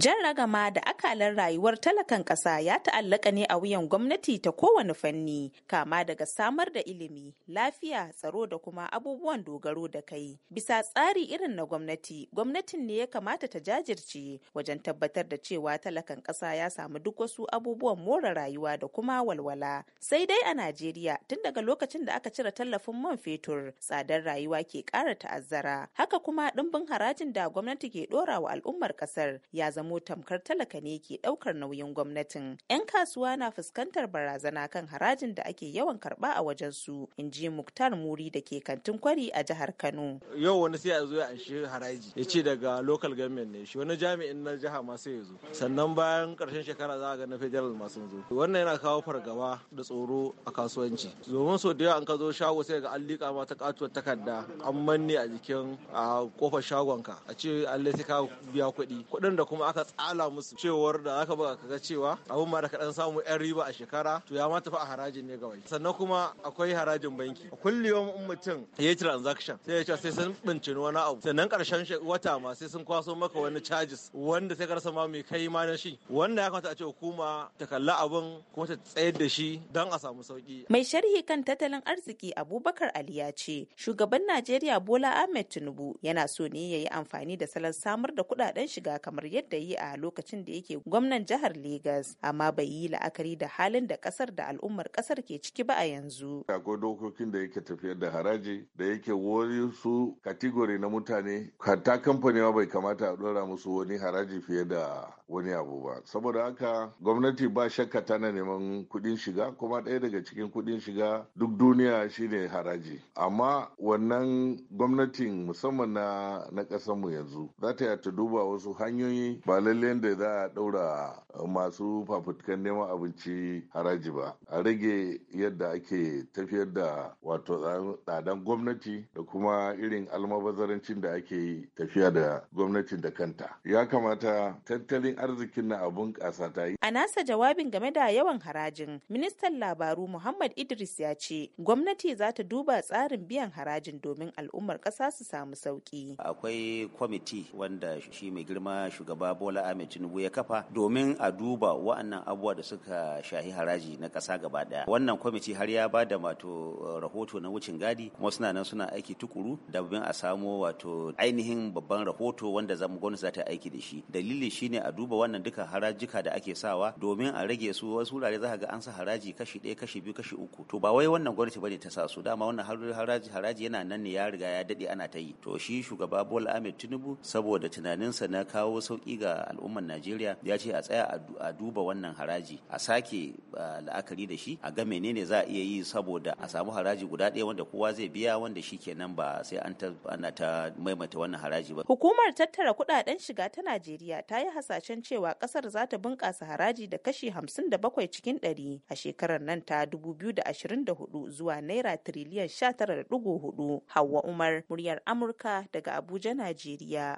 Jan ragama da akalar rayuwar talakan ƙasa ya ta'allaka ne a wuyan gwamnati ta kowane fanni, kama daga samar da ilimi, lafiya, tsaro da kuma abubuwan dogaro da kai. Bisa tsari irin na gwamnati, gwamnatin ne ya kamata ta jajirce wajen tabbatar da cewa talakan ƙasa ya samu duk wasu abubuwan more rayuwa da kuma walwala. Sai dai a Najeriya, tun daga lokacin da aka cire tallafin man fetur, tsadar rayuwa ke ƙara ta'azzara. Haka kuma ɗimbin harajin da gwamnati ke ɗora wa al'ummar ƙasar ya zama zamo tamkar talaka ne ke ɗaukar nauyin gwamnatin. 'Yan kasuwa na fuskantar barazana kan harajin da ake yawan karɓa a wajen su, in ji Muktar Muri da ke kantin kwari a jihar Kano. Yau wani sai a zo ya anshi haraji, ya ce daga local government ne, shi wani jami'in na jiha ma sai ya zo. Sannan bayan karshen shekara za a ga na federal masu zo. Wannan yana kawo fargaba da tsoro a kasuwanci. Domin so da yawa an ka zo shago sai ga an liƙa ma ta katuwar takarda an manne a jikin a kofar shagonka a ce an sai ka biya kuɗi. Kuɗin da kuma aka ta tsala musu cewar da zaka buga kaga cewa abun ma da kaɗan samu yan riba a shekara to ya ma tafi a harajin ne gawai sannan kuma akwai harajin banki kullum in mutum ya yi transaction sai ya ce sai sun bincini wani abu sannan karshen wata ma sai sun kwaso maka wani charges wanda sai karsa ma mai kai ma na shi wanda ya kamata a ce hukuma ta kalla abun kuma ta tsayar da shi don a samu sauki mai sharhi kan tattalin arziki abubakar ali ya ce shugaban najeriya bola ahmed tinubu yana so ne ya yi amfani da salon samar da kuɗaɗen shiga kamar yadda yi a lokacin da yake gwamnan jihar Legas amma bai yi la'akari da halin da kasar da al'ummar kasar ke ciki ba a yanzu. Akwai dokokin da yake tafiyar da haraji da yake wani su kategori na mutane hatta kamfani bai kamata a dora musu wani haraji fiye da wani abu ba. Saboda haka gwamnati ba shakka tana neman kuɗin shiga kuma ɗaya daga cikin kuɗin shiga duk duniya shine haraji. Amma wannan gwamnatin musamman na na ƙasarmu yanzu za ta ta duba wasu hanyoyi ba ba lalle da za a ɗaura eh, masu fafutukan neman abinci haraji ba a rage yadda ake tafiyar da wato tsadan gwamnati da kuma irin almabazarancin da ake tafiya da gwamnati da kanta ya kamata tattalin arzikin na abun ƙasa ta yi a nasa jawabin game da yawan harajin ministan labaru muhammad idris ya ce gwamnati za ta duba tsarin biyan harajin domin al'ummar ƙasa su samu sauƙi akwai kwamiti wanda shi mai girma shugaba bola ahmed tinubu ya kafa domin a duba wa'annan abubuwa da suka shahi haraji na ƙasa gaba ɗaya wannan kwamiti har ya ba da wato eh, rahoto na wucin gadi kuma suna nan suna aiki tukuru da a samo wato ainihin babban rahoto wanda za mu gwamnati za ta aiki da shi dalili shine a duba wannan duka harajika da ake sawa domin a rage su wasu wurare za ka ga an sa haraji kashi ɗaya kashi biyu kashi uku to ba wai wannan gwamnati bane ta sa su dama wannan haraji haraji yana nan ne ya riga ya daɗe ana ta yi to shi shugaba bola ahmed tinubu saboda tunaninsa na kawo sauƙi ga ga al'ummar Najeriya ya ce a tsaya a duba wannan haraji a sake la'akari da shi a ga menene za a iya yi saboda a samu haraji guda ɗaya wanda kowa zai biya wanda shi kenan ba sai an ana ta maimaita wannan haraji ba. Hukumar tattara kuɗaɗen shiga ta Najeriya ta yi hasashen cewa ƙasar za ta bunƙasa haraji da kashi hamsin da bakwai cikin ɗari a shekarar nan ta dubu zuwa naira tiriliyan sha tara da ɗigo hudu. Hauwa Umar, muryar Amurka daga Abuja, Najeriya.